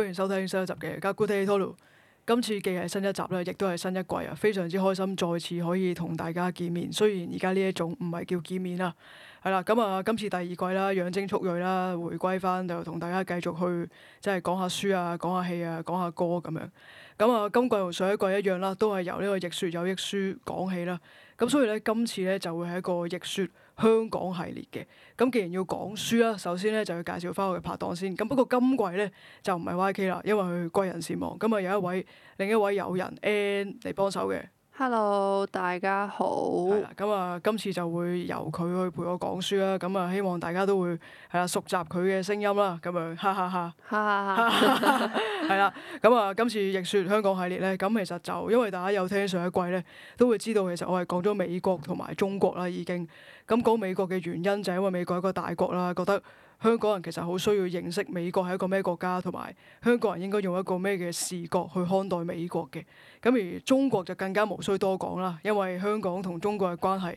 歡迎收聽新一集嘅《Good Day Toalu》。今次既係新一集啦，亦都係新一季啊！非常之開心，再次可以同大家見面。雖然而家呢一種唔係叫見面啦，係啦，咁啊，今次第二季啦，養精蓄銳啦，回歸翻就同大家繼續去即係講下書啊，講下戲啊，講下歌咁樣。咁啊，今季同上一季一樣啦，都係由呢個說《逆說有益書》講起啦。咁所以咧，今次咧就會係一個逆說。香港系列嘅，咁既然要講書啦，首先咧就要介紹翻我嘅拍檔先。咁不過今季咧就唔係 YK 啦，因為佢貴人事忙。咁啊有一位，另一位友人 Ann 嚟幫手嘅。And, Hello，大家好。係啦，咁啊，今次就會由佢去陪我講書啦。咁啊，希望大家都會係啦，熟習佢嘅聲音啦。咁樣，哈哈哈，哈哈哈，係啦。咁啊，今次逆說香港系列咧，咁其實就因為大家有聽上一季咧，都會知道其實我係講咗美國同埋中國啦，已經。咁講美國嘅原因就係因為美國係一個大國啦，覺得。香港人其實好需要認識美國係一個咩國家，同埋香港人應該用一個咩嘅視角去看待美國嘅。咁而中國就更加無需多講啦，因為香港同中國嘅關係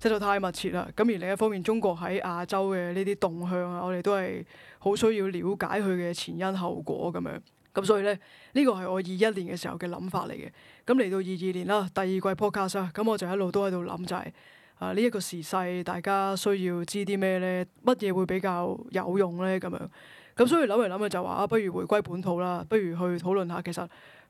真係太密切啦。咁而另一方面，中國喺亞洲嘅呢啲動向啊，我哋都係好需要了解佢嘅前因後果咁樣。咁所以咧，呢個係我二一年嘅時候嘅諗法嚟嘅。咁嚟到二二年啦，第二季 podcast，咁我就一路都喺度諗就係、是。啊！呢、這、一個時勢，大家需要知啲咩咧？乜嘢會比較有用咧？咁樣咁，所以諗嚟諗去就話啊，不如回歸本土啦，不如去討論下其實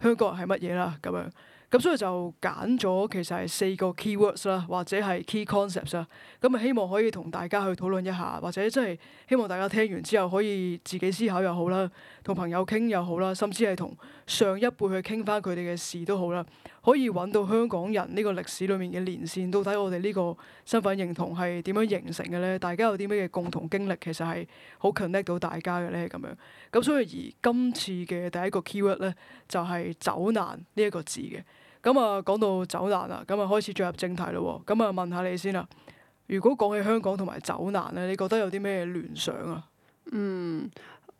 香港人係乜嘢啦？咁樣咁，所以就揀咗其實係四個 key words 啦，或者係 key concepts 啦。咁啊，希望可以同大家去討論一下，或者真係希望大家聽完之後可以自己思考又好啦，同朋友傾又好啦，甚至係同上一輩去傾翻佢哋嘅事都好啦。可以揾到香港人呢個歷史裏面嘅連線，到底我哋呢個身份認同係點樣形成嘅咧？大家有啲咩嘅共同經歷，其實係好 connect 到大家嘅咧咁樣。咁所以而今次嘅第一個 keyword 咧，就係走難呢一個字嘅。咁啊講到走難啊，咁啊開始進入正題咯。咁啊問下你先啦。如果講起香港同埋走難咧，你覺得有啲咩聯想啊？嗯。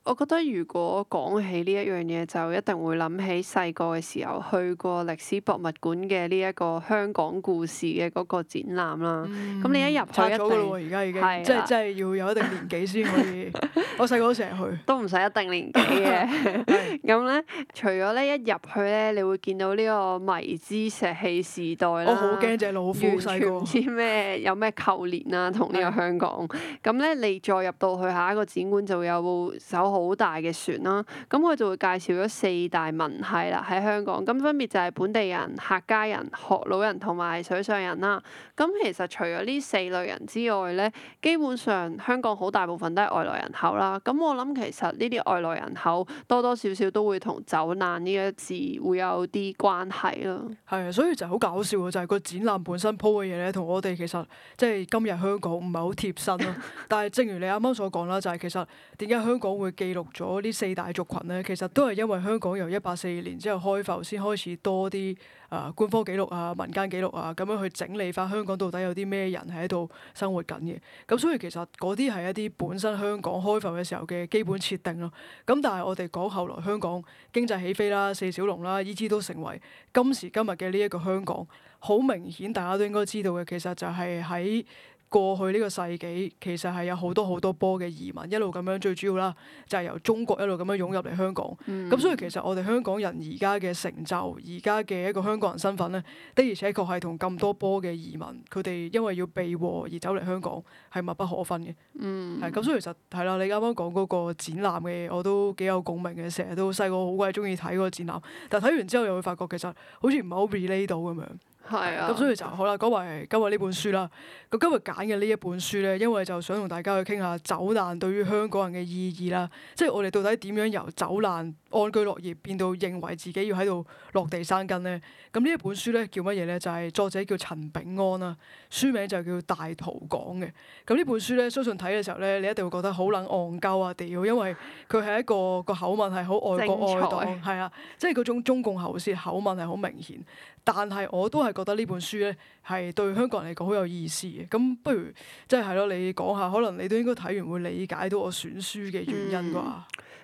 我覺得如果講起呢一樣嘢，就一定會諗起細個嘅時候去過歷史博物館嘅呢一個香港故事嘅嗰個展覽啦。咁你一入去一定，而家已經，即係即係要有一定年紀先可以。我細個成日去，都唔使一定年紀嘅。咁咧，除咗咧一入去咧，你會見到呢個迷之石器時代啦。我好驚隻老虎，完全唔知咩有咩扣連啊，同呢個香港。咁咧，你再入到去下一個展館就會有手。好大嘅船啦，咁佢就會介紹咗四大民系啦喺香港，咁分別就係本地人、客家人、學老人同埋水上人啦。咁其實除咗呢四類人之外咧，基本上香港好大部分都係外來人口啦。咁我諗其實呢啲外來人口多多少少都會同走難呢一字會有啲關係咯。係啊，所以就好搞笑啊！就係個展覽本身鋪嘅嘢咧，同我哋其實即係今日香港唔係好貼身咯。 但係正如你啱啱所講啦，就係其實點解香港會。記錄咗呢四大族群咧，其實都係因為香港由一八四二年之後開埠先開始多啲啊，官方記錄啊、民間記錄啊，咁樣去整理翻香港到底有啲咩人喺度生活緊嘅。咁所以其實嗰啲係一啲本身香港開埠嘅時候嘅基本設定咯。咁但係我哋講後來香港經濟起飛啦、四小龍啦，依啲都成為今時今日嘅呢一個香港。好明顯大家都應該知道嘅，其實就係喺過去呢個世紀其實係有好多好多波嘅移民一路咁樣，最主要啦就係、是、由中國一路咁樣湧入嚟香港。咁、嗯、所以其實我哋香港人而家嘅成就，而家嘅一個香港人身份咧，的而且確係同咁多波嘅移民佢哋因為要避禍而走嚟香港係密不可分嘅。係咁、嗯，所以其實係啦，你啱啱講嗰個展覽嘅嘢，我都幾有共鳴嘅。成日都細個好鬼中意睇嗰個展覽，但睇完之後又會發覺其實好似唔係好 relate 到咁樣。係啊，咁所以就好啦。今日今日呢本書啦，咁今日揀嘅呢一本書咧，因為就想同大家去傾下走難對於香港人嘅意義啦，即係我哋到底點樣由走難，安居樂業變到認為自己要喺度落地生根咧，咁呢一本書咧叫乜嘢咧？就係、是、作者叫陳炳安啦，書名就叫大《大逃港》嘅。咁呢本書咧，相信睇嘅時候咧，你一定會覺得好撚戇鳩啊屌，因為佢係一個一個口吻係好愛國愛黨，係彩啊，即係嗰種中共喉舌口吻係好明顯。但係我都係覺得呢本書咧係對香港人嚟講好有意思嘅。咁不如即係係咯，你講下，可能你都應該睇完會理解到我選書嘅原因啩？嗯。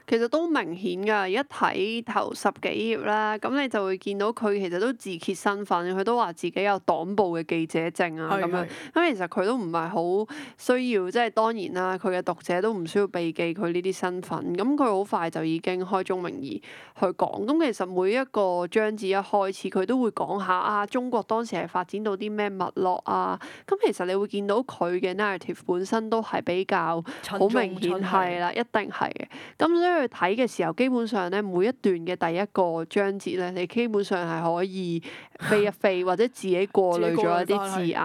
其實都明顯㗎，一睇頭十幾頁啦，咁你就會見到佢其實都自揭身份，佢都話自己有黨報嘅記者證啊咁是是 樣。咁其實佢都唔係好需要，即係當然啦。佢嘅讀者都唔需要避忌佢呢啲身份。咁佢好快就已經開宗明義去講。咁其實每一個章節一開始，佢都會講下啊，中國當時係發展到啲咩脈絡啊。咁其實你會見到佢嘅 narrative 本身都係比較好明顯係啦，一定係嘅。咁咧。去睇嘅時候，基本上咧每一段嘅第一個章節咧，你基本上係可以飛一飛 或者自己過濾咗一啲字眼，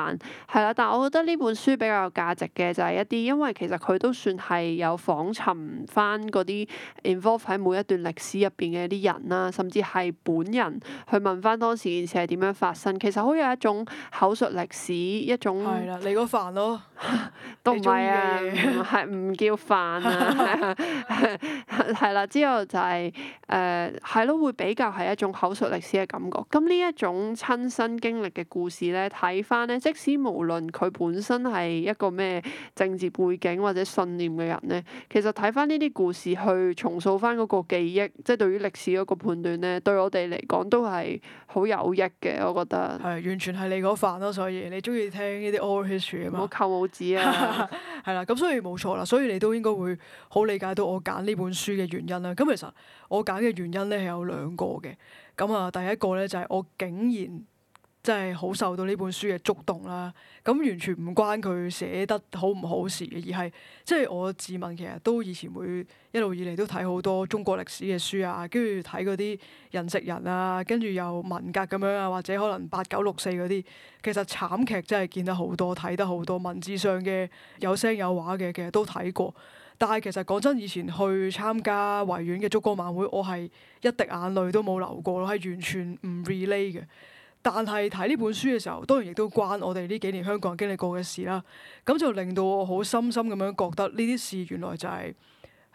係啦。 但我覺得呢本書比較有價值嘅就係、是、一啲，因為其實佢都算係有訪尋翻嗰啲 involved 喺每一段歷史入邊嘅一啲人啦，甚至係本人去問翻當時件事係點樣發生。其實好有一種口述歷史一種。你個煩咯。 都唔係啊，唔係唔叫煩啊。 係啦， 之後就係誒係咯，會比較係一種口述歷史嘅感覺。咁呢一種親身經歷嘅故事咧，睇翻咧，即使無論佢本身係一個咩政治背景或者信念嘅人咧，其實睇翻呢啲故事去重塑翻嗰個記憶，即係對於歷史嗰個判斷咧，對我哋嚟講都係好有益嘅。我覺得係完全係你嗰範咯，所以你中意聽呢啲 oral history 啊嘛。唔好扣帽子啊！係啦， 咁所以冇錯啦，所以你都應該會好理解到我揀呢本書。嘅原因啦，咁其實我揀嘅原因咧係有兩個嘅，咁啊第一個咧就係我竟然真係好受到呢本書嘅觸動啦，咁完全唔關佢寫得好唔好事嘅，而係即係我自問其實都以前會一路以嚟都睇好多中國歷史嘅書啊，跟住睇嗰啲人食人啊，跟住又文革咁樣啊，或者可能八九六四嗰啲，其實慘劇真係見得好多，睇得好多，文字上嘅有聲有畫嘅，其實都睇過。但係其實講真，以前去參加維園嘅燭光晚會，我係一滴眼淚都冇流過咯，係完全唔 relate 嘅。但係睇呢本書嘅時候，當然亦都關我哋呢幾年香港人經歷過嘅事啦。咁就令到我好深深咁樣覺得呢啲事原來就係、是。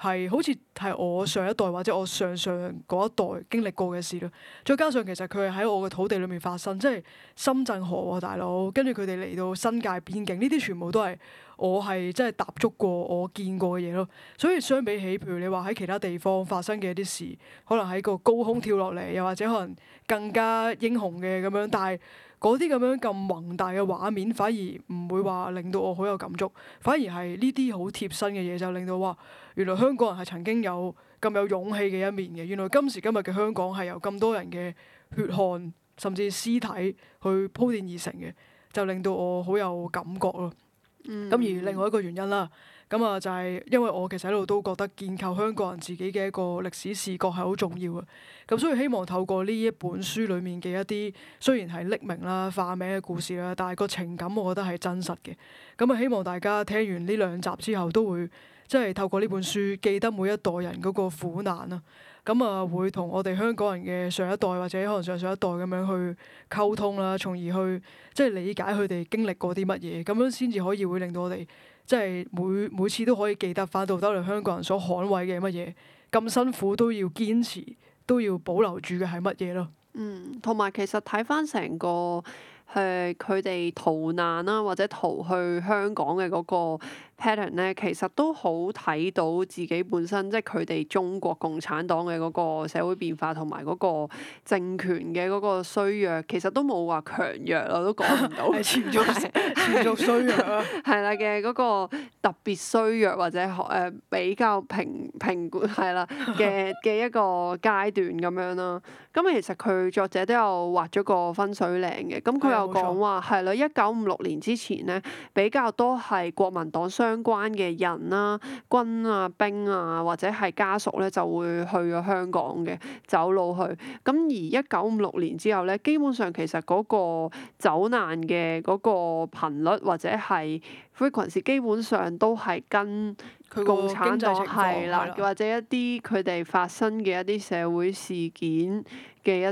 係好似係我上一代或者我上上嗰一代經歷過嘅事咯，再加上其實佢係喺我嘅土地裏面發生，即係深圳河喎大佬，跟住佢哋嚟到新界邊境，呢啲全部都係我係真係踏足過、我見過嘅嘢咯。所以相比起，譬如你話喺其他地方發生嘅一啲事，可能喺個高空跳落嚟，又或者可能更加英雄嘅咁樣，但係。嗰啲咁樣咁宏大嘅畫面，反而唔會話令到我好有感觸，反而係呢啲好貼身嘅嘢就令到話，原來香港人係曾經有咁有勇氣嘅一面嘅。原來今時今日嘅香港係由咁多人嘅血汗甚至屍體去鋪墊而成嘅，就令到我好有感覺咯。咁、嗯、而另外一個原因啦。咁啊，就係因為我其實一路都覺得建構香港人自己嘅一個歷史視角係好重要嘅。咁所以希望透過呢一本書裡面嘅一啲雖然係匿名啦、化名嘅故事啦，但係個情感我覺得係真實嘅。咁啊，希望大家聽完呢兩集之後，都會即係透過呢本書記得每一代人嗰個苦難啦。咁啊，會同我哋香港人嘅上一代或者可能上上一代咁樣去溝通啦，從而去即係理解佢哋經歷過啲乜嘢，咁樣先至可以會令到我哋。即係每每次，都可以記得翻，到底我哋香港人所捍衞嘅，乜嘢咁辛苦都要堅持，都要保留住嘅係乜嘢咯？嗯，同埋其實睇翻成個誒佢哋逃難啦，或者逃去香港嘅嗰個 Pattern 咧，其實都好睇到自己本身，即係佢哋中國共產黨嘅嗰個社會變化同埋嗰個政權嘅嗰個衰弱，其實都冇話強弱咯，都講唔到，持續衰弱咯，係啦嘅嗰個特別衰弱或者學誒、呃、比較平平穩係啦嘅嘅一個階段咁樣啦。咁、嗯、其實佢作者都有畫咗個分水嶺嘅，咁、嗯、佢、哎、又講話係啦，一九五六年之前咧比較多係國民黨衰。相關嘅人啦、啊、軍啊、兵啊，或者係家屬咧，就會去咗香港嘅走路去。咁而一九五六年之後咧，基本上其實嗰個走難嘅嗰個頻率或者係 frequency 基本上都係跟共產黨係啦，啦或者一啲佢哋發生嘅一啲社會事件嘅一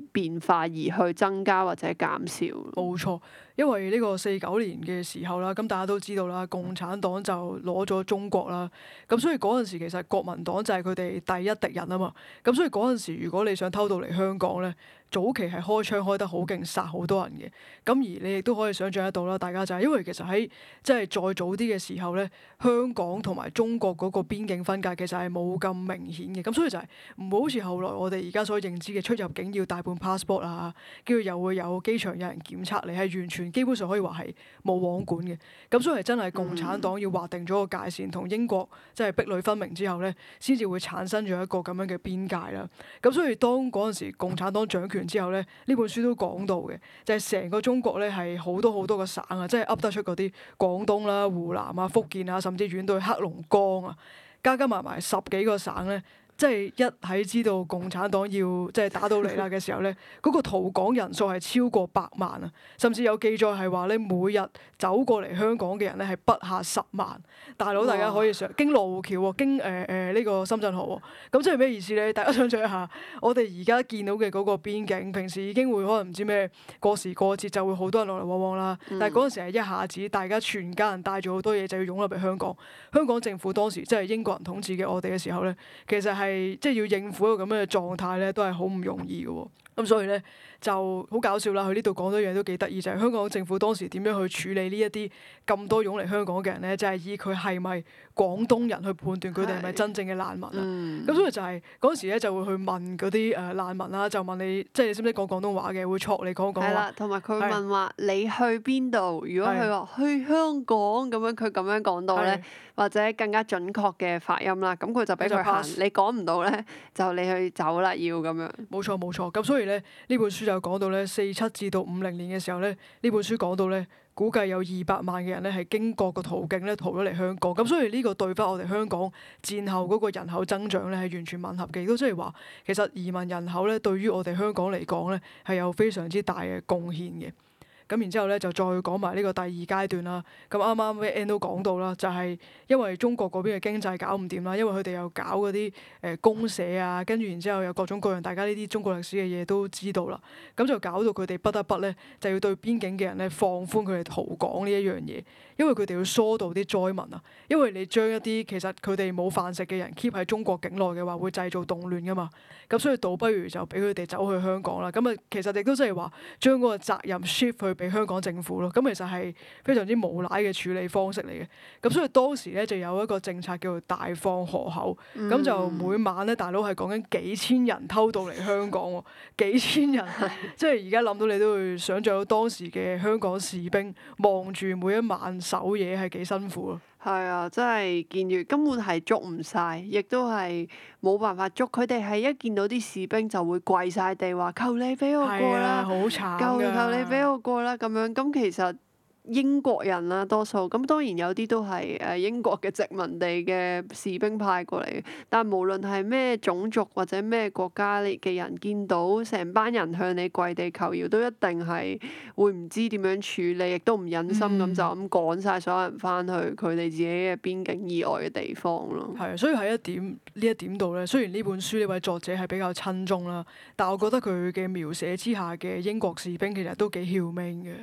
啲變化而去增加或者減少。冇錯。因為呢個四九年嘅時候啦，咁大家都知道啦，共產黨就攞咗中國啦，咁所以嗰陣時其實國民黨就係佢哋第一敵人啊嘛，咁所以嗰陣時如果你想偷渡嚟香港咧，早期係開槍開得好勁殺好多人嘅，咁而你亦都可以想象得到啦，大家就係因為其實喺即係再早啲嘅時候咧，香港同埋中國嗰個邊境分界其實係冇咁明顯嘅，咁所以就係、是、唔會好似後來我哋而家所認知嘅出入境要帶半 passport 啊，跟住又會有機場有人檢測你係完全。基本上可以話係冇網管嘅，咁所以真係共產黨要劃定咗個界線，同英國即係壁壘分明之後咧，先至會產生咗一個咁樣嘅邊界啦。咁所以當嗰陣時共產黨掌權之後咧，呢本書都講到嘅，就係成個中國咧，係好多好多個省啊，即係噏得出嗰啲，廣東啦、湖南啊、福建啊，甚至遠到去黑龍江啊，加加埋埋十幾個省咧。即係一喺知道共產黨要即係打到嚟啦嘅時候咧，嗰個逃港人數係超過百萬啊！甚至有記載係話咧，每日走過嚟香港嘅人咧係不下十萬。大佬，大家可以想，經羅湖橋喎，經誒誒呢個深圳河喎，咁即係咩意思咧？大家想像一下，我哋而家見到嘅嗰個邊境，平時已經會可能唔知咩過時過節就會好多人來來往往啦。但係嗰陣時係一下子，大家全家人帶咗好多嘢就要湧入嚟香港。香港政府當時即係英國人統治嘅我哋嘅時候咧，其實係。即係要應付一個咁樣嘅狀態咧，都係好唔容易嘅、哦。咁所以咧就好搞笑啦。佢呢度講咗一樣都幾得意，就係、是、香港政府當時點樣去處理呢一啲咁多湧嚟香港嘅人咧，就係、是、以佢係咪廣東人去判斷佢哋係咪真正嘅難民、啊。咁、嗯、所以就係、是、嗰時咧就會去問嗰啲誒難民啦，就問你即係你識唔識講廣東話嘅，會戳你講講。係啦，同埋佢會問話的你去邊度？如果佢話去香港咁樣，佢咁樣講到咧，或者更加準確嘅發音啦，咁佢就俾佢行，就你講唔到咧，就你去走啦，要咁樣。冇錯冇錯，咁所以咧呢本書就講到咧四七至到五零年嘅時候咧，呢本書講到咧估計有二百萬嘅人咧係經過個途徑咧逃咗嚟香港，咁所以呢個對返我哋香港戰後嗰個人口增長咧係完全吻合嘅，亦都即係話其實移民人口咧對於我哋香港嚟講咧係有非常之大嘅貢獻嘅。咁然之後咧，就再講埋呢個第二階段啦。咁啱啱 v e n d 都講到啦，就係因為中國嗰邊嘅經濟搞唔掂啦，因為佢哋又搞嗰啲誒公社啊，跟住然之後有各種各樣，大家呢啲中國歷史嘅嘢都知道啦。咁就搞到佢哋不得不咧，就要對邊境嘅人咧放寬佢哋逃港呢一樣嘢，因為佢哋要疏導啲災民啊。因為你將一啲其實佢哋冇飯食嘅人 keep 喺中國境內嘅話，會製造動亂噶嘛。咁所以倒不如就俾佢哋走去香港啦。咁啊，其實亦都即係話將嗰個責任 shift 去。俾香港政府咯，咁其實係非常之無賴嘅處理方式嚟嘅。咁所以當時咧就有一個政策叫做大放河口，咁、嗯、就每晚咧大佬係講緊幾千人偷渡嚟香港喎，幾千人， 即係而家諗到你都會想象到當時嘅香港士兵望住每一晚守夜係幾辛苦啊！係啊，真係見住根本係捉唔晒，亦都係冇辦法捉。佢哋係一見到啲士兵就會跪晒地話：求你俾我過啦，啊、求求你俾我過啦咁樣。咁、嗯、其實～英國人啦，多數咁當然有啲都係誒英國嘅殖民地嘅士兵派過嚟，但係無論係咩種族或者咩國家嘅人見到成班人向你跪地求饒，都一定係會唔知點樣處理，亦都唔忍心咁就咁趕晒所有人返去佢哋自己嘅邊境以外嘅地方咯。係啊、嗯，所以喺一點呢一點度咧，雖然呢本書呢位作者係比較親中啦，但我覺得佢嘅描寫之下嘅英國士兵其實都幾聰明嘅。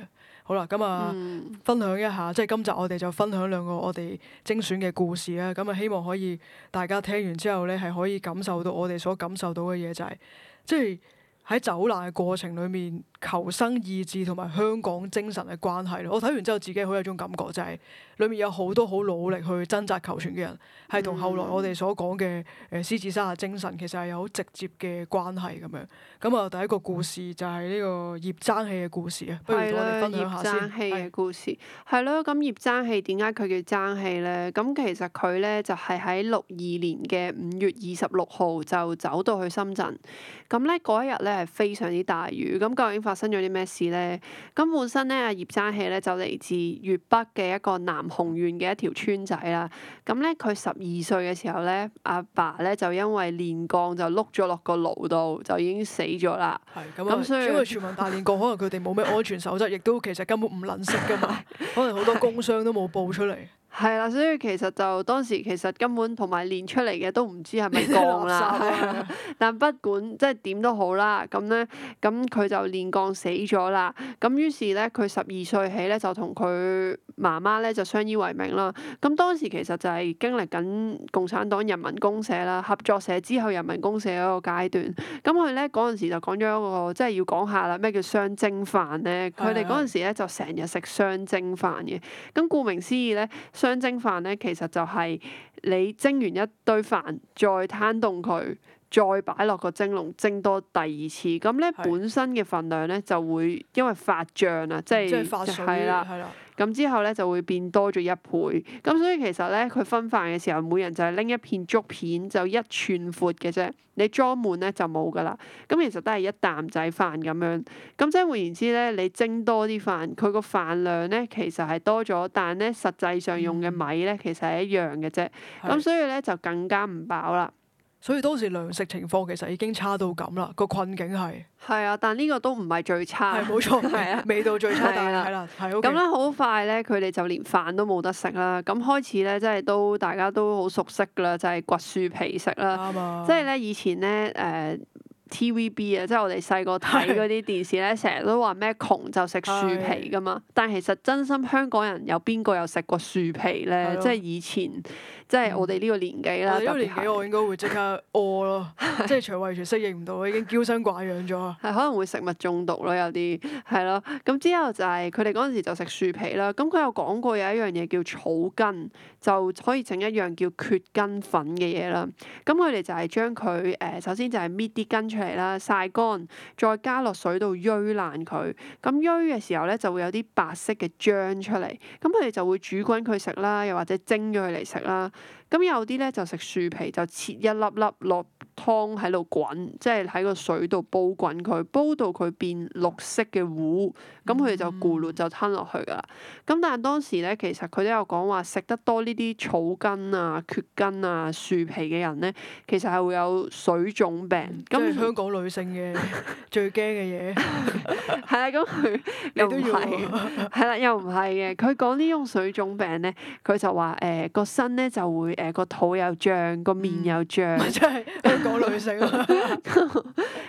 好啦，咁啊，分享一下，即係今集我哋就分享兩個我哋精選嘅故事啦。咁啊，希望可以大家聽完之後咧，係可以感受到我哋所感受到嘅嘢，就係、是，即係喺走難嘅過程裏面求生意志同埋香港精神嘅關係咯，我睇完之後自己好有種感覺就係裏面有好多好努力去掙扎求存嘅人，係同後來我哋所講嘅誒獅子山下精神其實係有好直接嘅關係。咁樣咁啊，第一個故事就係呢個葉爭氣嘅故事啊，不如我哋分享一下爭氣嘅故事。係咯，咁葉爭氣點解佢叫爭氣咧？咁其實佢咧就係喺六二年嘅五月二十六號就走到去深圳。咁咧嗰一日咧係非常之大雨，咁究竟？發生咗啲咩事咧？咁本身咧，阿葉爭喜咧就嚟自粵北嘅一個南雄縣嘅一條村仔啦。咁咧，佢十二歲嘅時候咧，阿爸咧就因為煉鋼就碌咗落個爐度，就已經死咗啦。係咁，所以因為全民大煉鋼，可能佢哋冇咩安全守則，亦都其實根本唔撚識噶嘛。 可能好多工傷都冇報出嚟。係啦，所以其實就當時其實根本同埋練出嚟嘅都唔知係咪鋼啦。 但不管即係點都好啦，咁咧，咁佢就練鋼死咗啦。咁於是咧，佢十二歲起咧就同佢媽媽咧就相依為命啦。咁當時其實就係經歷緊共產黨人民公社啦、合作社之後人民公社嗰個階段。咁佢咧，嗰陣時就講咗一個即係要講下啦，咩叫雙蒸飯咧？佢哋嗰陣時咧就成日食雙蒸飯嘅。咁顧名思義咧。雙蒸飯咧，其實就係你蒸完一堆飯，再攤凍佢，再擺落個蒸籠蒸多第二次。咁咧，本身嘅分量咧就會因為發脹啊，的即係係係啦。咁之後咧就會變多咗一倍，咁所以其實咧佢分飯嘅時候，每人就係拎一片竹片，就一寸闊嘅啫，你裝滿咧就冇噶啦。咁其實都係一啖仔飯咁樣。咁即係換言之咧，你蒸多啲飯，佢個飯量咧其實係多咗，但咧實際上用嘅米咧其實係一樣嘅啫。咁所以咧就更加唔飽啦。所以當時糧食情況其實已經差到咁啦，個困境係。係啊，但呢個都唔係最差、 啊，冇錯，係 啊，未到最差嘅，係啦、 啊，係 OK。咁咧好快咧，佢哋就連飯都冇得食啦。咁開始咧，即係都大家都好熟悉噶啦，就係、是、掘樹皮食啦。啊、即係咧，以前咧，誒、呃。T.V.B. 啊，TV B，即係我哋細個睇嗰啲電視咧，成日是的 都話咩窮就食樹皮噶嘛。是的 但係其實真心香港人有邊個有食過樹皮咧？是的 即係以前，嗯、即係我哋呢個年紀啦。呢個年紀我應該會是的 即刻屙咯，即係腸胃全適應唔到，是的 已經嬌生慣養咗。係可能會食物中毒咯，有啲係咯。咁之後就係佢哋嗰陣時就食樹皮啦。咁佢有講過有一樣嘢，叫草根，就可以整一樣叫蕨根粉嘅嘢啦。咁佢哋就係將佢誒首先就係搣啲根出。嚟啦，曬乾，再加落水度擂爛佢。咁擂嘅時候咧，就會有啲白色嘅漿出嚟。咁佢哋就會煮滾佢食啦，又或者蒸咗佢嚟食啦。咁 有啲咧就食樹皮，就切一粒粒落湯喺度滾，即係喺個水度煲滾佢，煲到佢變綠色嘅糊，咁佢哋就咕嚕就吞落去㗎啦。咁但係當時咧，其實佢都有講話食得多呢啲草根啊、蕨根啊、樹皮嘅人咧，其實係會有水腫病。咁、嗯就是、香港女性嘅 最驚嘅嘢係啊，咁 佢、 嗯、又唔係，係啦 又唔係嘅。佢講呢種水腫病咧，佢就話誒個身咧就會。誒個肚又脹，個面又脹，真係香港女性啊！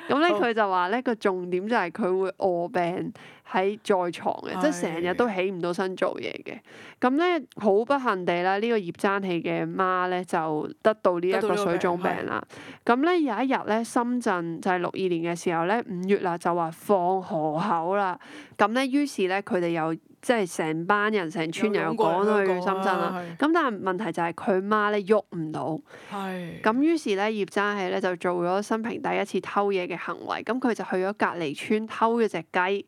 咁咧佢就話咧個重點就係佢會餓病喺在，在床嘅，是即係成日都起唔到身做嘢嘅。咁咧好不幸地啦，呢、呢個葉爭氣嘅媽咧就得到呢一個水腫病啦。咁咧有一日咧深圳就係六二年嘅時候咧，五月啦就話放河口啦。咁咧於是咧佢哋又……即係成班人、成村人趕去深圳啦。咁但係問題就係佢媽咧喐唔到。係。咁是於是咧，葉爭氣咧就做咗生平第一次偷嘢嘅行為。咁佢就去咗隔籬村偷咗隻雞。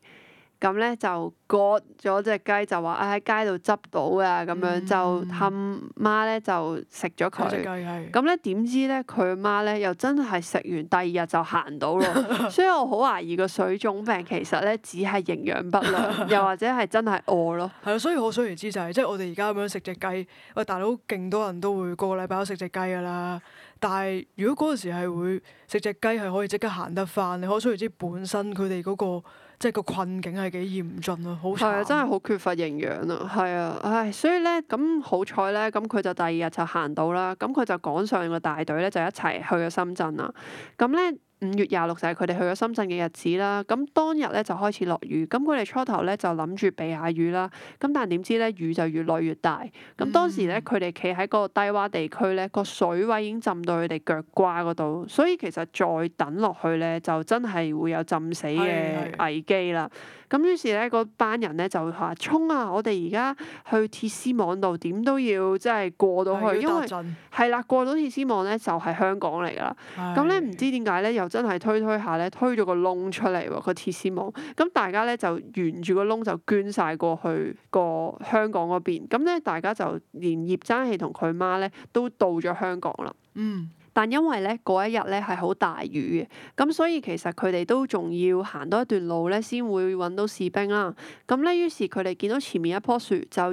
咁咧就割咗隻雞，就話啊，喺街度執到啊，咁樣就氹媽咧就食咗佢。咁咧，點知咧佢媽咧又真係食完第二日就行到咯， 所以我好懷疑個水腫病其實咧只係營養不良，又或者係真係餓咯。係咯，所以可想而知就係即係我哋而家咁樣食隻雞，喂、哎、大佬勁多人都會個個禮拜都食隻雞噶啦。但係如果嗰陣時係會食隻雞係可以即刻行得返，你可想而知本身佢哋嗰個即係個困境係幾嚴峻咯，好慘，真係好缺乏營養啊，係啊，唉，所以咧咁好彩咧，咁佢就第二日就行到啦，咁佢就趕上個大隊咧就一齊去咗深圳啦，咁咧。五月廿六就係佢哋去咗深圳嘅日子啦，咁當日咧就開始落雨，咁佢哋初頭咧就諗住避下雨啦，咁但係點知咧雨就越落越大，咁當時咧佢哋企喺個低洼地區咧，個水位已經浸到佢哋腳瓜嗰度，所以其實再等落去咧就真係會有浸死嘅危機啦。咁於是咧，嗰班人咧就話：衝啊！我哋而家去鐵絲網度，點都要即係過到去， 因為係啦， 過到鐵絲網咧就係香港嚟噶啦。咁咧唔知點解咧，又真係推推下咧，推咗個窿出嚟喎個鐵絲網。咁大家咧就沿住個窿就捐晒過去個香港嗰邊。咁咧大家就連葉爭氣同佢媽咧都到咗香港啦。嗯。但因為咧嗰一日咧係好大雨嘅，咁所以其實佢哋都仲要行多一段路咧，先會揾到士兵啦。咁咧於是佢哋見到前面一棵樹，就要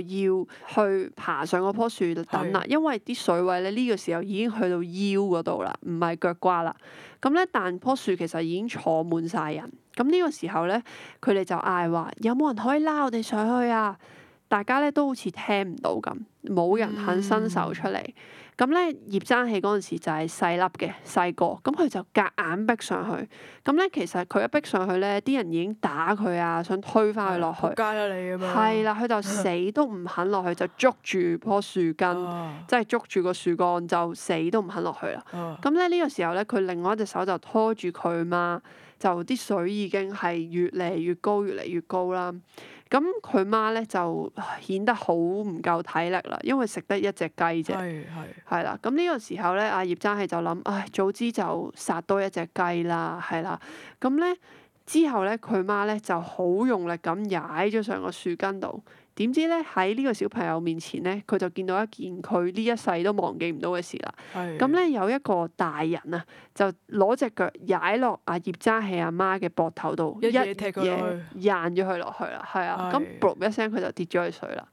去爬上嗰樖樹就等啦。的因為啲水位咧呢個時候已經去到腰嗰度啦，唔係腳瓜啦。咁咧但樖樹其實已經坐滿晒人。咁呢個時候咧，佢哋就嗌話：有冇人可以拉我哋上去啊？大家咧都好似聽唔到咁，冇人肯伸手出嚟。嗯。咁咧、嗯，葉爭氣嗰陣時就係細粒嘅，細個，咁、嗯、佢就夾硬逼上去。咁、嗯、咧，其實佢一逼上去咧，啲人已經打佢啊，想推翻佢落去。冇啦、啊，係啦、啊，佢就死都唔肯落去，就捉住棵樹根，啊、即係捉住個樹幹，就死都唔肯落去啦。咁咧、啊，呢、嗯呢個時候咧，佢另外一隻手就拖住佢嘛，就啲水已經係越嚟越高，越嚟越高啦。咁佢媽咧就顯得好唔夠體力啦，因為食得一隻雞啫，係啦是是。咁呢個時候咧，阿葉真係就諗，唉，早知就殺多一隻雞啦，係啦。咁咧之後咧，佢、嗯嗯、媽咧就好用力咁踩咗上個樹根度。點知咧，喺呢個小朋友面前咧，佢就見到一件佢呢一世都忘記唔到嘅事啦。咁咧是的 有一個大人啊，就攞隻腳踩落阿葉揸喺阿媽嘅膊頭度，的一踢嘢，去，咗佢落去啦。係啊，咁 boom 的一聲佢就跌咗去水啦。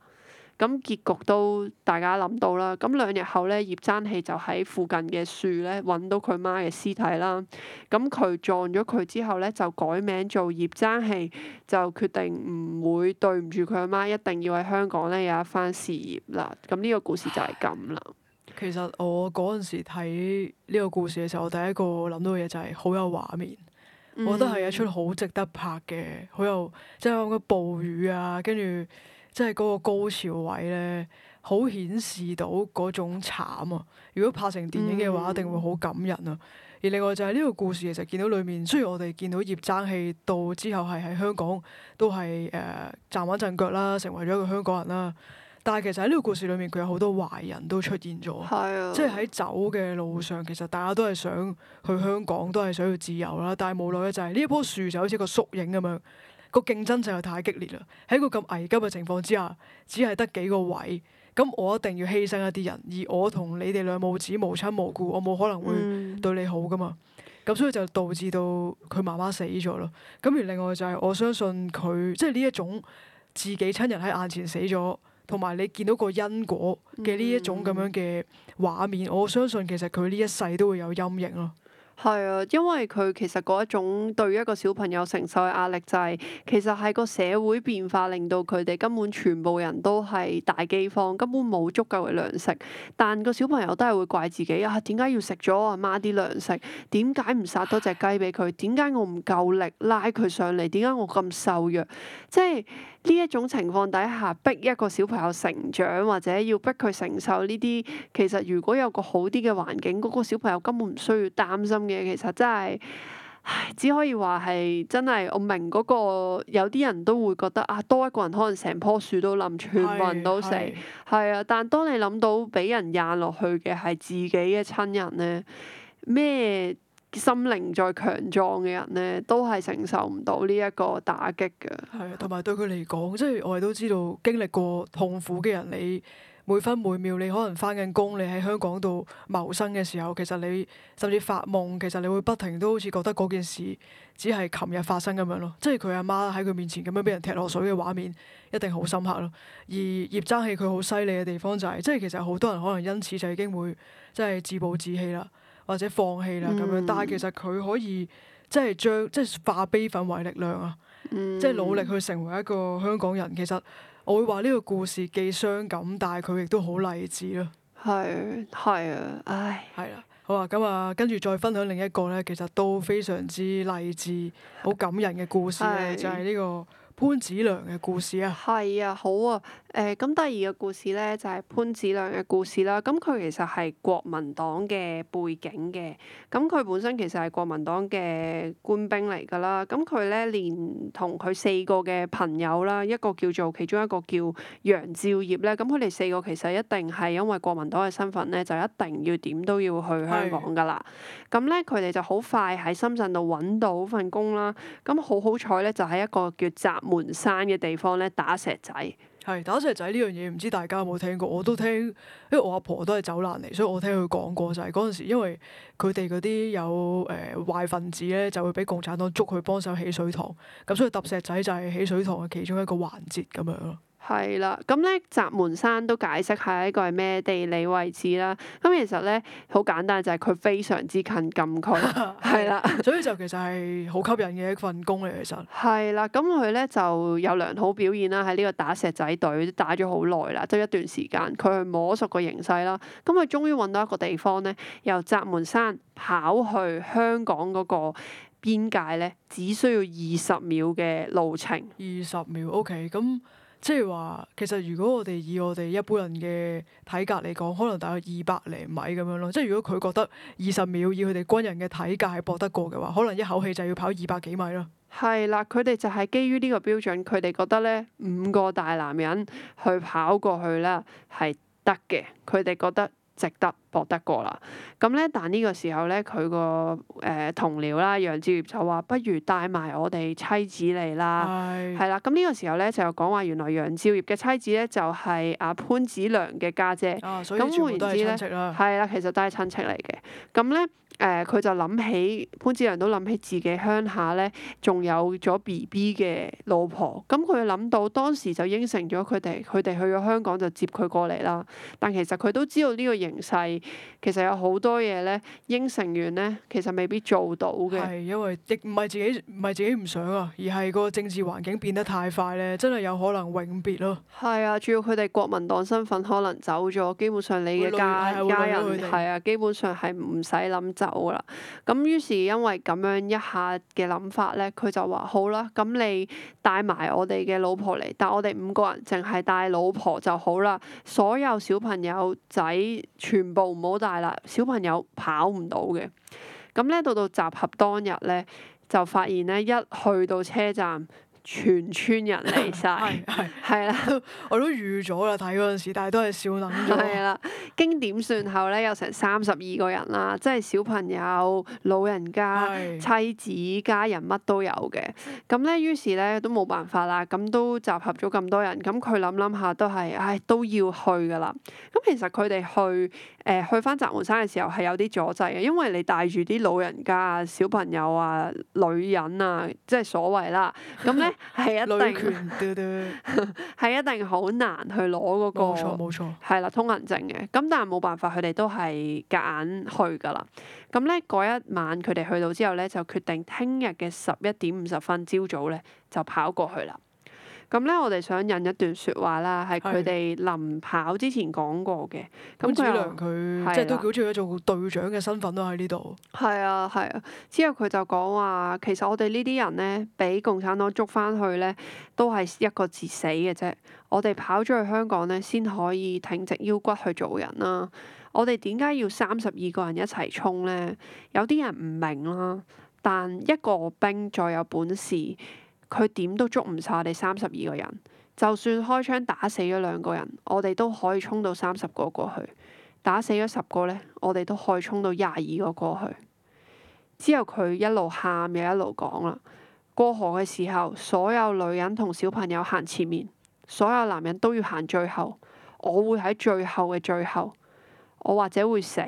咁結局都大家諗到啦。咁兩日後咧，葉爭氣就喺附近嘅樹咧揾到佢媽嘅屍體啦。咁佢葬咗佢之後咧，就改名做葉爭氣，就決定唔會對唔住佢阿媽，一定要喺香港咧有一番事業啦。咁呢個故事就係咁啦。其實我嗰陣時睇呢個故事嘅時候，我第一個諗到嘅嘢就係好有畫面，嗯、哼我覺得係一出好值得拍嘅，好有即係好多暴雨啊，跟住。即係嗰個高潮位咧，好顯示到嗰種慘啊！如果拍成電影嘅話，嗯、一定會好感人啊！而另外就係呢個故事其實見到裡面，雖然我哋見到葉爭氣到之後係喺香港都係誒、呃、站穩陣腳啦，成為咗一個香港人啦，但係其實喺呢個故事裡面，佢有好多壞人都出現咗，嗯、即係喺走嘅路上，其實大家都係想去香港，都係想要自由啦，但係無奈嘅就係、是、呢棵樹就好似一個縮影咁樣。個競爭就係太激烈啦！喺個咁危急嘅情況之下，只係得幾個位，咁我一定要犧牲一啲人，而我同你哋兩母子無親無故，我冇可能會對你好㗎嘛。咁所以就導致到佢媽媽死咗咯。咁而另外就係我相信佢，即係呢一種自己親人喺眼前死咗，同埋你見到個因果嘅呢一種咁樣嘅畫面，mm hmm. 我相信其實佢呢一世都會有陰影咯。係啊，因為佢其實嗰一種對於一個小朋友承受嘅壓力就係，其實係個社會變化令到佢哋根本全部人都係大饑荒，根本冇足夠嘅糧食。但個小朋友都係會怪自己啊，點解要食咗我阿媽啲糧食？點解唔殺多隻雞俾佢？點解我唔夠力拉佢上嚟？點解我咁瘦弱？即係。呢一種情況底下，逼一個小朋友成長，或者要逼佢承受呢啲，其實如果有個好啲嘅環境，嗰個小朋友根本唔需要擔心嘅。其實真係，唉，只可以話係真係，我明嗰個有啲人都會覺得啊，多一個人可能成樖樹都冧，全部人都死，係啊。但當你諗到俾人掹落去嘅係自己嘅親人咧，咩？心靈再強壯嘅人咧，都係承受唔到呢一個打擊嘅。係啊，同埋對佢嚟講，即係我哋都知道經歷過痛苦嘅人，你每分每秒，你可能返緊工，你喺香港度謀生嘅時候，其實你甚至發夢，其實你會不停都好似覺得嗰件事只係琴日發生咁樣咯。即係佢阿媽喺佢面前咁樣俾人踢落水嘅畫面，一定好深刻咯。而葉爭氣佢好犀利嘅地方就係、是，即係其實好多人可能因此就已經會即係自暴自棄啦。或者放棄啦咁樣，嗯、但係其實佢可以即係將即係化悲憤為力量啊！嗯、即係努力去成為一個香港人。其實我會話呢個故事既傷感，但係佢亦都好勵志咯。係係啊，唉，係啦，好啊，咁啊，跟住再分享另一個咧，其實都非常之勵志、好感人嘅故事咧，的就係呢個。潘子良嘅故事啊，係啊，好啊，誒、呃，咁第二個故事咧就係、是、潘子良嘅故事啦。咁佢其實係國民黨嘅背景嘅，咁佢本身其實係國民黨嘅官兵嚟噶啦。咁佢咧連同佢四個嘅朋友啦，一個叫做其中一個叫楊照業咧，咁佢哋四個其實一定係因為國民黨嘅身份咧，就一定要點都要去香港噶啦。咁咧佢哋就好快喺深圳度揾到份工啦。咁好好彩咧，就喺、是、一個叫站、門山嘅地方咧打石仔，係打石仔呢樣嘢唔知大家有冇聽過？我都聽，因為我阿婆都係走難嚟，所以我聽佢講過就係嗰陣時，因為佢哋嗰啲有誒壞分子咧，就會俾共產黨捉去幫手起水塘，咁所以揼石仔就係起水塘嘅其中一個環節咁樣咯。係啦，咁咧閘門山都解釋係一,一個係咩地理位置啦。咁其實咧好簡單，就係佢非常之近禁區，係啦 的。所以就其實係好吸引嘅一份工嚟。其實係啦，咁佢咧就有良好表現啦。喺呢個打石仔隊打咗好耐啦，即係一段時間。佢係摸索個形勢啦。咁佢終於揾到一個地方咧，由閘門山跑去香港嗰個邊界咧，只需要二十秒嘅路程。二十秒，OK，咁。即係話，其實如果我哋以我哋一般人嘅體格嚟講，可能大概二百零米咁樣咯。即係如果佢覺得二十秒以佢哋軍人嘅體格係搏得過嘅話，可能一口氣就要跑二百幾米咯。係啦，佢哋就係基於呢個標準，佢哋覺得咧，五個大男人去跑過去啦係得嘅，佢哋覺得。值得博得過啦，咁咧，但呢個時候咧，佢個誒同僚啦，楊照業就話：不如帶埋我哋妻子嚟啦，係啦，咁呢是、這個時候咧就講話，原來楊照業嘅妻子咧就係阿、啊、潘子良嘅家姐，咁換言之咧，係啦，其實都係親戚嚟嘅，咁咧。誒佢，呃、就諗起潘志陽都諗起自己鄉下咧，仲有咗 B B 嘅老婆。咁佢諗到當時就應承咗佢哋，佢哋去咗香港就接佢過嚟啦。但其實佢都知道呢個形勢其實有好多嘢咧應承完咧，其實未必做到嘅。係因為亦唔係自己唔係自己唔想啊，而係個政治環境變得太快咧，真係有可能永別咯。係啊，主要佢哋國民黨身份可能走咗，基本上你嘅家家人係啊，基本上係唔使諗走。有噶啦，咁於 是因為咁樣一下嘅諗法咧，佢就話好啦，咁你帶埋我哋嘅老婆嚟，但我哋五個人淨係帶老婆就好啦，所有小朋友仔全部唔好帶啦，小朋友跑唔到嘅。咁咧到到集合當日咧，就發現咧一去到車站。全村人嚟晒，係係啦，是的 我都預咗啦，睇嗰陣時，但係都係少諗咗。係啦，經點算後咧，有成三十二個人啦，即係小朋友、老人家、的妻子家、家人乜都有嘅。咁咧，於是咧都冇辦法啦，咁都集合咗咁多人，咁佢諗諗下都係，唉，都要去㗎啦。咁其實佢哋去誒、呃、去翻閘門山嘅時候係有啲阻滯嘅，因為你帶住啲老人家、小朋友啊、女人啊，即係所謂啦。咁咧， 係一定，係 一定好難去攞嗰、嗰個，冇錯，係啦，通行證嘅。咁但係冇辦法，佢哋都係夾硬去噶啦。咁咧嗰一晚，佢哋去到之後咧，就決定聽日嘅十一點五十分朝早咧就跑過去啦。咁咧，我哋想引一段說話啦，係佢哋臨跑之前講過嘅。潘志良佢即係都叫做一種隊長嘅身份啦喺呢度。係啊係啊，之後佢就講話，其實我哋呢啲人咧，俾共產黨捉翻去咧，都係一個字死嘅啫。我哋跑咗去香港咧，先可以挺直腰骨去做人啦、啊。我哋點解要三十二個人一齊衝咧？有啲人唔明啦、啊，但一個兵再有本事。佢點都捉唔晒我哋三十二個人，就算開槍打死咗兩個人，我哋都可以衝到三十個過去；打死咗十個呢，我哋都可以衝到廿二個過去。之後佢一路喊又一路講啦，過河嘅時候，所有女人同小朋友行前面，所有男人都要行最後。我會喺最後嘅最後，我或者會死。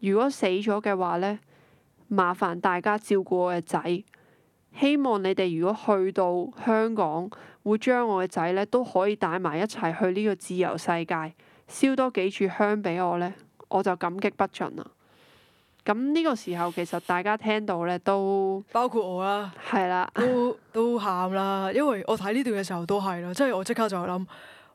如果死咗嘅話呢，麻煩大家照顧我嘅仔。希望你哋如果去到香港，會將我嘅仔咧都可以帶埋一齊去呢個自由世界，燒多幾柱香俾我咧，我就感激不盡啦。咁呢個時候其實大家聽到咧都包括我啦，係啦，都都喊啦，因為我睇呢段嘅時候都係啦，即係我即刻就諗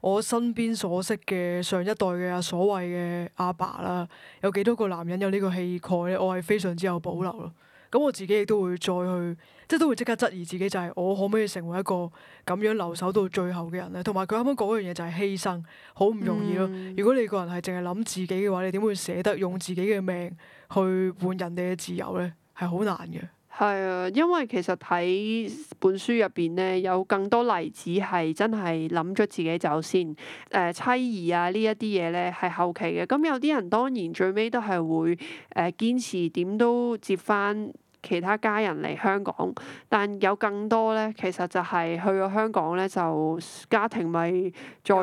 我身邊所識嘅上一代嘅所謂嘅阿爸啦，有幾多個男人有呢個氣概咧？我係非常之有保留咯。咁我自己亦都會再去，即都會即刻質疑自己，就係我可唔可以成為一個咁樣留守到最後嘅人咧？同埋佢啱啱講嗰樣嘢就係犧牲，好唔容易咯。嗯、如果你個人係淨係諗自己嘅話，你點會捨得用自己嘅命去換人哋嘅自由咧？係好難嘅。係啊，因為其實喺本書入邊咧，有更多例子係真係諗咗自己走先。誒、呃、妻兒啊呢一啲嘢咧係後期嘅。咁有啲人當然最尾都係會誒堅持點都接翻。其他家人嚟香港，但有更多咧，其實就係去咗香港咧，就家庭咪再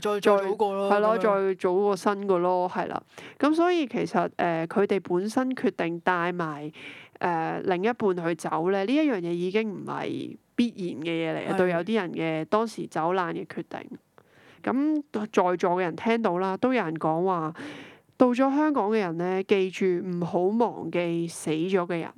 再早過咯，係咯，再組過新嘅咯，係啦。咁所以其實誒，佢哋本身決定帶埋誒另一半去走咧，呢一樣嘢已經唔係必然嘅嘢嚟啊。對有啲人嘅當時走難嘅決定，咁在座嘅人聽到啦，都有人講話，到咗香港嘅人咧，記住唔好忘記死咗嘅人。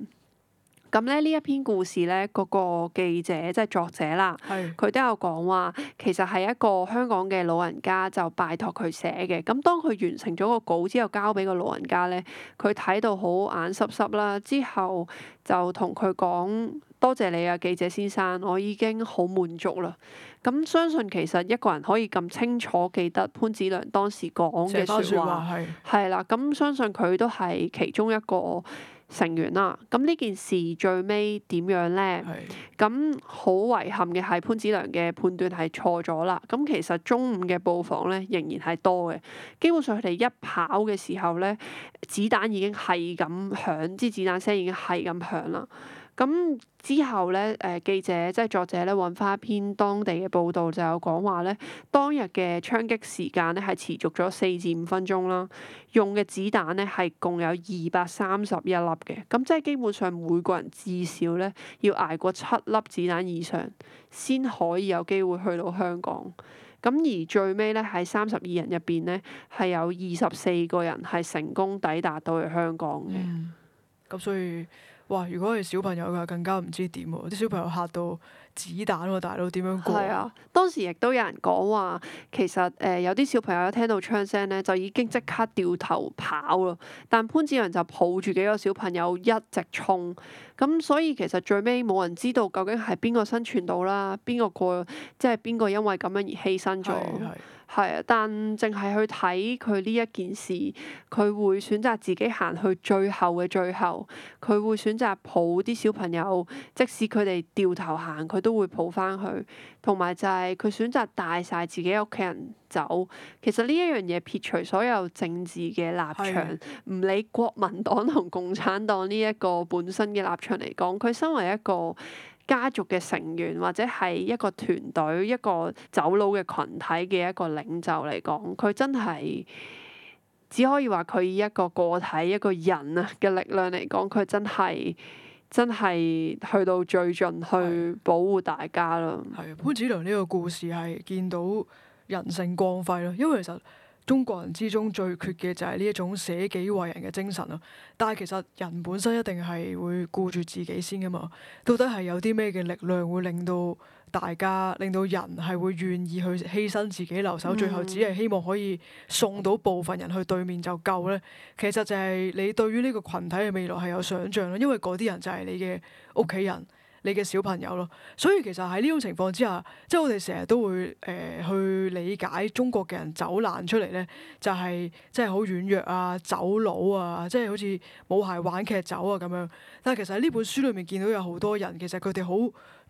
咁咧呢一篇故事咧，嗰個記者即係作者啦，佢是都有講話，其實係一個香港嘅老人家就拜託佢寫嘅。咁當佢完成咗個稿之後，交俾個老人家咧，佢睇到好眼濕濕啦。之後就同佢講：多謝你啊，記者先生，我已經好滿足啦。咁相信其實一個人可以咁清楚記得潘子良當時講嘅説話係係啦。咁是相信佢都係其中一個成員啦，咁呢件事最尾點樣咧？咁好 遺憾嘅係潘子良嘅判斷係錯咗啦。咁其實中午嘅佈防咧仍然係多嘅，基本上佢哋一跑嘅時候咧，子彈已經係咁響，啲子彈聲已經係咁響啦。咁之後咧，誒、呃、記者即係作者咧，揾翻一篇當地嘅報道，就有講話咧，當日嘅槍擊時間咧係持續咗四至五分鐘啦。用嘅子彈咧係共有二百三十一粒嘅，咁即係基本上每個人至少咧要捱過七粒子彈以上，先可以有機會去到香港。咁而最尾咧，喺三十二人入邊咧，係有二十四個人係成功抵達到去香港嘅。咁、嗯、所以哇！如果係小朋友㗎，更加唔知點喎，啲小朋友嚇到子彈喎，大佬點樣過？係啊，當時亦都有人講話，其實誒、呃、有啲小朋友一聽到槍聲咧，就已經即刻掉頭跑咯。但潘子陽就抱住幾個小朋友一直衝，咁所以其實最尾冇人知道究竟係邊個生存到啦，邊個過，即係邊個因為咁樣而犧牲咗。 嗯係啊，但淨係去睇佢呢一件事，佢會選擇自己行去最後嘅最後。佢會選擇抱啲小朋友，即使佢哋掉頭行，佢都會抱翻去。同埋就係佢選擇帶晒自己屋企人走。其實呢一樣嘢撇除所有政治嘅立場，唔的理國民黨同共產黨呢一個本身嘅立場嚟講，佢身為一個，家族嘅成員或者係一個團隊，一個走佬嘅群體嘅一個領袖嚟講，佢真係只可以話佢以一個個體一個人啊嘅力量嚟講，佢真係真係去到最盡去保護大家咯。係啊，潘子良呢個故事係見到人性光輝咯，因為其實。中國人之中最缺嘅就係呢一種捨己為人嘅精神啦。但係其實人本身一定係會顧住自己先㗎嘛。到底係有啲咩嘅力量會令到大家、令到人係會願意去犧牲自己留守，最後只係希望可以送到部分人去對面就夠咧。其實就係你對於呢個群體嘅未來係有想像囉，因為嗰啲人就係你嘅屋企人。你嘅小朋友咯，所以其實喺呢種情況之下，即係我哋成日都會誒、呃、去理解中國嘅人走難出嚟咧，就係即係好軟弱啊、走佬啊，即係好似冇鞋挽屐走啊咁樣。但係其實喺呢本書裏面見到有好多人，其實佢哋好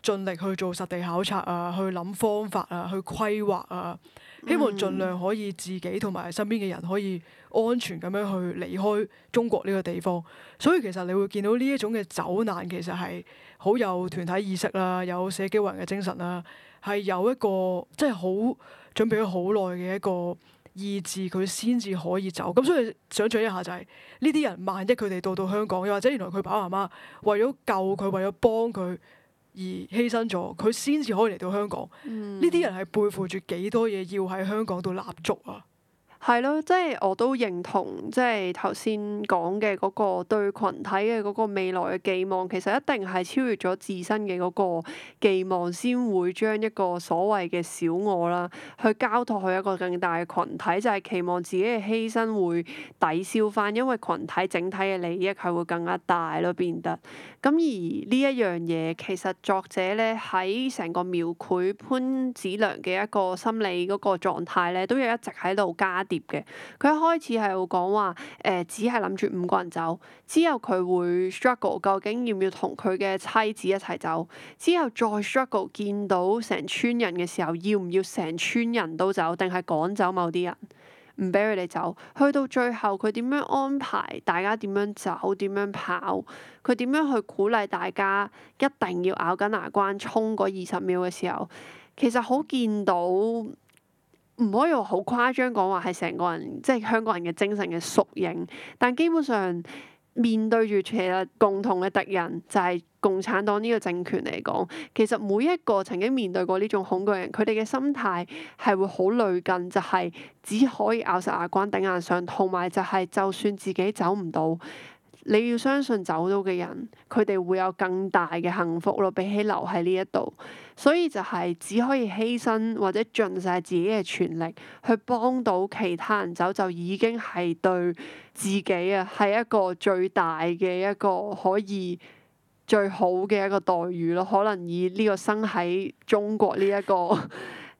盡力去做實地考察啊，去諗方法啊，去規劃啊，希望盡量可以自己同埋身邊嘅人可以安全咁樣去離開中國呢個地方。所以其實你會見到呢一種嘅走難，其實係～好有團體意識啦，有捨己為人嘅精神啦，係有一個即係好準備咗好耐嘅一個意志，佢先至可以走。咁所以想像一下就係呢啲人，萬一佢哋到到香港，又或者原來佢爸爸媽媽為咗救佢，為咗幫佢而犧牲咗，佢先至可以嚟到香港。呢啲、嗯、人係背負住幾多嘢要喺香港度立足啊！係咯，即係我都認同，即係頭先講嘅嗰個對群體嘅嗰個未來嘅寄望，其實一定係超越咗自身嘅嗰個寄望，先會將一個所謂嘅小我啦，去交託去一個更大嘅群體，就係期望自己嘅犧牲會抵消翻，因為群體整體嘅利益係會更加大咯，變得。咁而呢一樣嘢，其實作者咧喺成個描繪潘子良嘅一個心理嗰個狀態咧，都有一直喺度加。嘅佢一開始係會講話，誒、呃、只係諗住五個人走。之後佢會 struggle，究竟要唔要同佢嘅妻子一齊走？之後再 struggle，見到成村人嘅時候，要唔要成村人都走，定係趕走某啲人，唔俾佢哋走？去到最後，佢點樣安排大家點樣走、點樣跑？佢點樣去鼓勵大家一定要咬緊牙關衝嗰二十秒嘅時候，其實好見到。唔可以話好誇張講話係成個人，即係香港人嘅精神嘅縮影。但基本上面對住其實共同嘅敵人，就係共產黨呢個政權嚟講，其實每一個曾經面對過呢種恐懼嘅人，佢哋嘅心態係會好類近，就係只可以咬實牙關頂硬上，同埋就係就算自己走唔到，你要相信走到嘅人，佢哋會有更大嘅幸福咯，比起留喺呢一度。所以就係只可以犧牲或者盡晒自己嘅全力去幫到其他人走，就已經係對自己啊，係一個最大嘅一個可以最好嘅一個待遇咯。可能以呢個生喺中國呢一個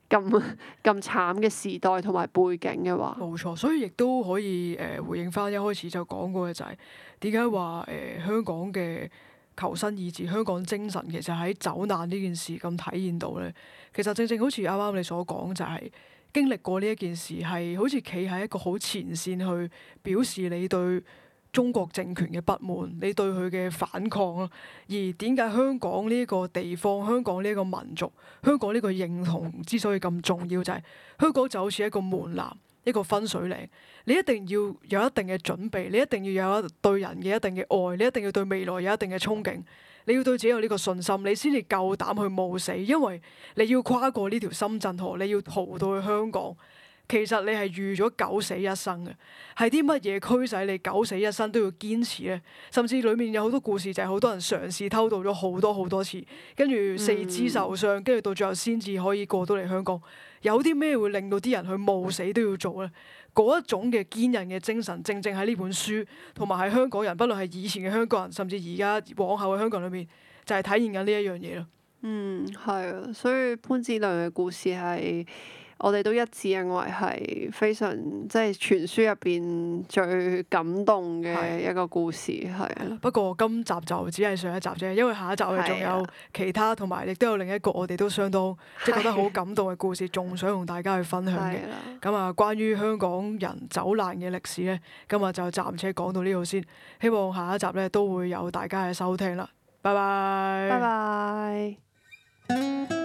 咁 咁慘嘅時代同埋背景嘅話，冇錯。所以亦都可以誒回應返一開始就講過嘅就係點解話誒香港嘅。求生意志、香港精神其實喺走難呢件事咁體現到咧。其實正正好似啱啱你所講，就係、是、經歷過呢一件事，係好似企喺一個好前線去表示你對中國政權嘅不滿，你對佢嘅反抗啊，而點解香港呢一個地方、香港呢一個民族、香港呢個認同之所以咁重要、就是，就係香港就好似一個門檻。呢個分水嶺，你一定要有一定嘅準備，你一定要有一對人嘅一定嘅愛，你一定要對未來有一定嘅憧憬，你要對自己有呢個信心，你先至夠膽去冒死，因為你要跨過呢條深圳河，你要逃到去香港。其實你係預咗九死一生嘅，係啲乜嘢驅使你九死一生都要堅持咧？甚至裡面有好多故事，就係好多人嘗試偷渡咗好多好多次，跟住四肢受傷，跟住、嗯、到最後先至可以過到嚟香港。有啲咩會令到啲人去冒死都要做咧？嗰一種嘅堅韌嘅精神，正正喺呢本書，同埋喺香港人，不論係以前嘅香港人，甚至而家往後嘅香港人裏面，就係體現緊呢一樣嘢咯。嗯，係啊，所以潘志亮嘅故事係。我哋都一致認為係非常，即係傳書入邊最感動嘅一個故事，係的的，不過今集就只係上一集啫，因為下一集我哋仲有其他，同埋亦都有另一個我哋都相當即係覺得好感動嘅故事，仲的想同大家去分享嘅。咁啊的，關於香港人走難嘅歷史呢，今日就暫且講到呢度先。希望下一集呢，都會有大家嘅收聽啦。拜拜。拜拜 bye。Bye bye.